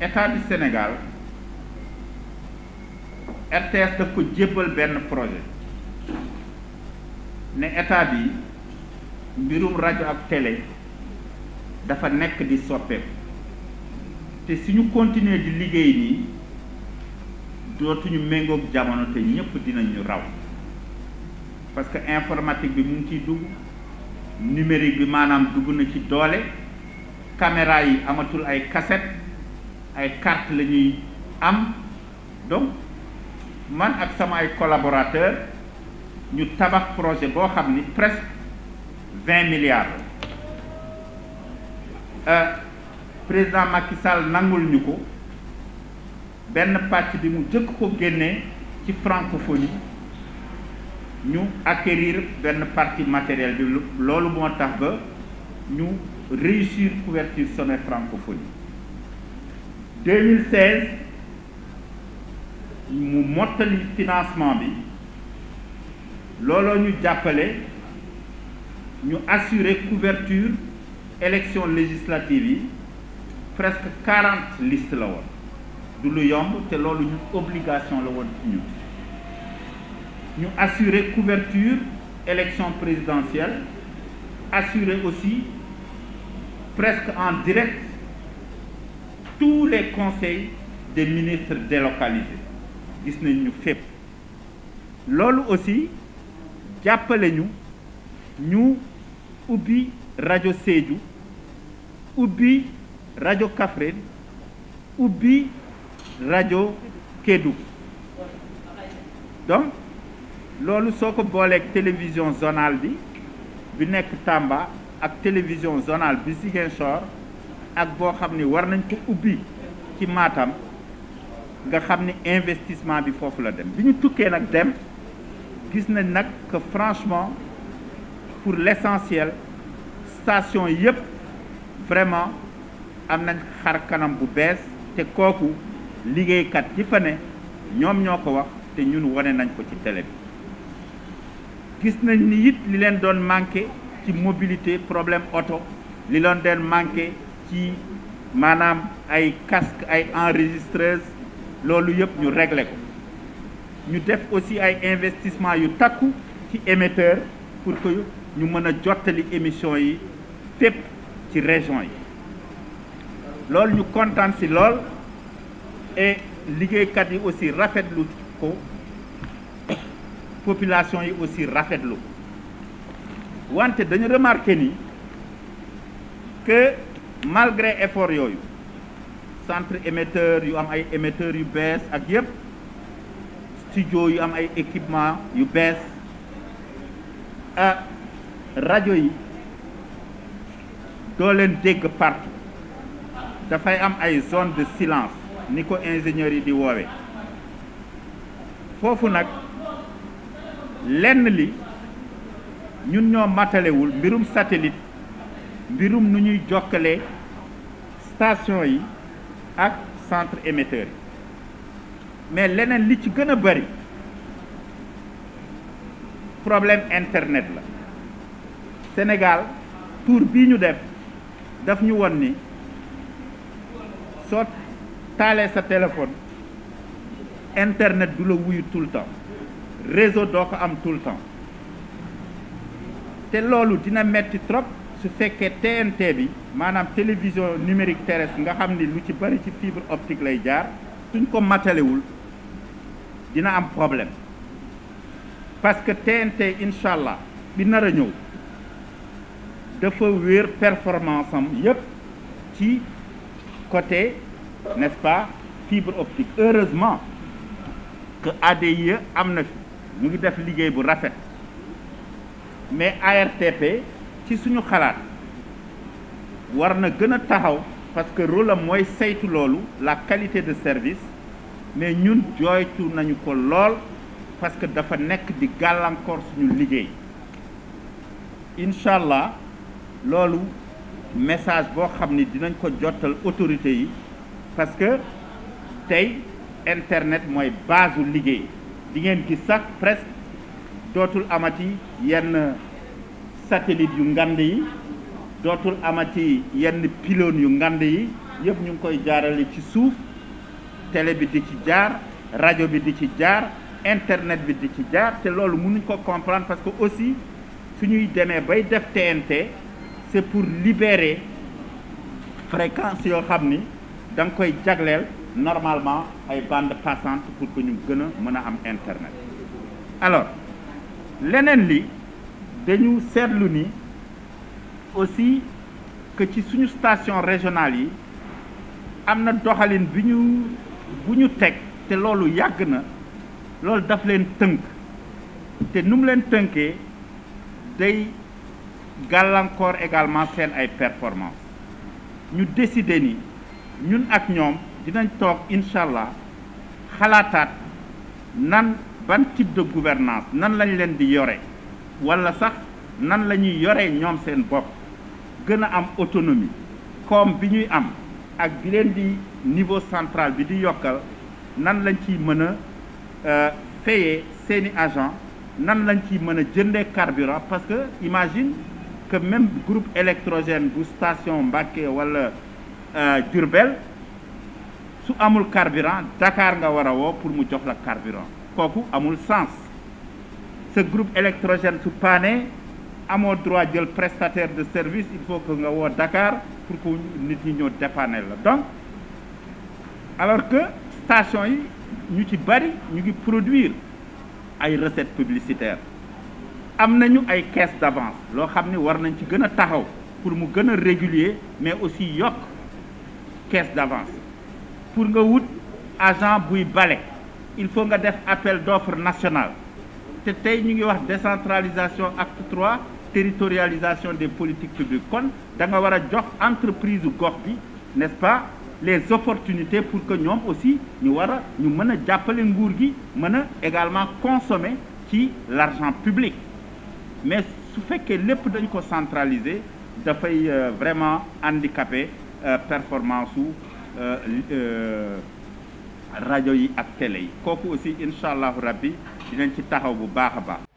état du senegal RTS daf ko jébbal benn projet ne état bi mbirum rajo ak télé dafa nekk di soppeeku te suñu continuer di liggéey nii dootuñu méngoog jamono te ñëpp dinañu raw parce que informatique bi mu ngi ciy dugg numérique bi maanaam dugg na ci doole caméra yi amatul ay kaset ay carte lañuy am donc man ak sama ay collaborateur ñu tabax projet boo xam ni presque vingt milliards euh, président Macky Sall nangul ñu ko benn pàcc bi mu jëkk ko génnee ci francophonie ñu acquérir benn partie matériel bi loolu moo tax ba ñu réussir couverture sommet francophonie 2016 mu mottali financement bi looloo ñu jàppale ñu assurer couverture élection législative yi presque quarante listes la woon du lu yomb te loolu ñu obligation la woon ci ñu assure assurer couverture élection présidentielle assurer aussi presque en direct tous les conseils des ministres délocalisés gis nañ ñu fépp loolu aussi jàppale ñu ñu ubbi rajo Sédhiou ubbi rajo Kaffrine ubbi rajo Kédougou donc loolu soo ko booleeg télévision zonale bi bu nekk tàmba ak télévision zonale bi Ziguinchor ak boo xam ni war nañ ko ubbi ci maatam nga xam ni investissement bi foofu la dem bi ñu tukkee nag dem gis nañ nag que franchement pour l'essentiel station yépp vraiment am nañ xar kanam bu bees te kooku liggéeykat yi fa ne ñoom ñoo ko wax te ñun wane nañ ko ci télé bi gis nañ ni it li leen doon manqué ci mobilité problème oto li leen doon manqué ci maanaam ay casque ay enregistreuse loolu yëpp ñu régler ko ñu def aussi ay investissement yu takku ci émetteur pour que ñu mën a jottali émission yi fépp ci région yi loolu ñu kontaan si lool e liggéeykat yi aussi rafetlu ko population yi aussi rafetlu ko wante dañu remarqué ni que malgré effort yooyu centre émetteur yu am ay émetteurs yu bees ak yëpp studio yu am ay équipement yu bees ah rajo yi doo leen dégg partout dafay am ay zone de silence ni ko ingénieurs yi di woowe foofu nag lenn li ñun ñoo matalewul mbirum satellite mbirum nu ñuy jokkalee station yi ak centre émetteur yi mais leneen li ci gën a bari problème internet la Sénégal tour bi ñu def daf ñu won ni soo taalee sa téléphone internet du la wuyu tout le réseau doo ko am tout le te loolu dina metti trop su fekkee TNT bi maanaam télévision numérique terrestre nga xam ni lu ci bari ci fibre optique lay jaar suñ ko matalewul dina am problème parce que TNT incha allah bi nar a ñëw dafa wéer performance am yépp ci côté n'est-ce pas fibre optique heureusement que ADIE am na fi ñu ngi def liggéey bu rafet mais ARTP ci suñu xalaat war na gën a taxaw parce que rôle am mooy saytu loolu la qualité de service mais ñun jooytu nañu ko lool parce que dafa nekk di gàllankoor suñu liggéey incha allah loolu message boo xam ni dinañ ko jottal autorité yi parce que tey internet mooy base liggéey di ngeen gis sax presque dootul amati yenn. satellite yu ngand yi dootul amati yenn pylônes yu ngand yi yëpp ñu ngi koy jaarale ci suuf télé bi di ci jaar rajo bi di ci jaar internet bi di ci jaar te loolu mënuñ ko comprendre parce que aussi su ñuy demee bay def TNT c'est pour libérer fréquence yoo xam ni da nga koy jagleel normalement ay bande passante pour que ñu gën a mën a am internet alors leneen li dañu seetlu ni aussi que ci suñu station régionale yi am na doxalin bi ñu bu ñu teg te loolu yàgg na loolu daf leen tënk te numu leen tënkee day gàllankoor également seen ay performance ñu décider ni ñun ak ñoom dinañ toog incha allah xalaataat nan ban type de gouvernance nan lañ leen di yore wala sax nan la ñuy yoree ñoom seen bopp gën a am autonomie koom bi ñuy am ak bi leen di niveau centrale bi di yokkal nan lañ ci mën a euh, fayee seeni agent nan lañ ciy mën a jëndee carburant parce que imagine que même groupe électrogène bu station Mbacké wala jurbel euh, su amul carburant Dakar nga war a woo pour mu jox la carburant kooku amul sens sa groupe électrogène su paane amoo droit jël prestataire de service il faut que nga woo Dakar pour que nit ñi ñëw dépanner la donc alors que station yi ñu ci bari ñu ngi produire ay recettes publicitaire am nañu ay caisse d'avance loo xam ni war nañ ci gën a taxaw pour mu gën a régulier mais aussi yokk caisse d'avance pour nga wut agent buy bale il faut nga def appel d'offre national te tey ñu ngi wax décentralisation acte trois territorialisation des politiques publiques kon da nga war a jox entreprise gox bi n'est-ce pas les opportunités pour que ñoom aussi ñu war a ñu mën a jàppale nguur gi mën a également consommer ci l'argent public mais su fekkee lépp dañ ko centraliser dafay euh, vraiment handicapé euh, performance su euh, rajo yi ak télé yi kooku aussi incha allahu rabbi dinañ ci taxaw bu baax a baax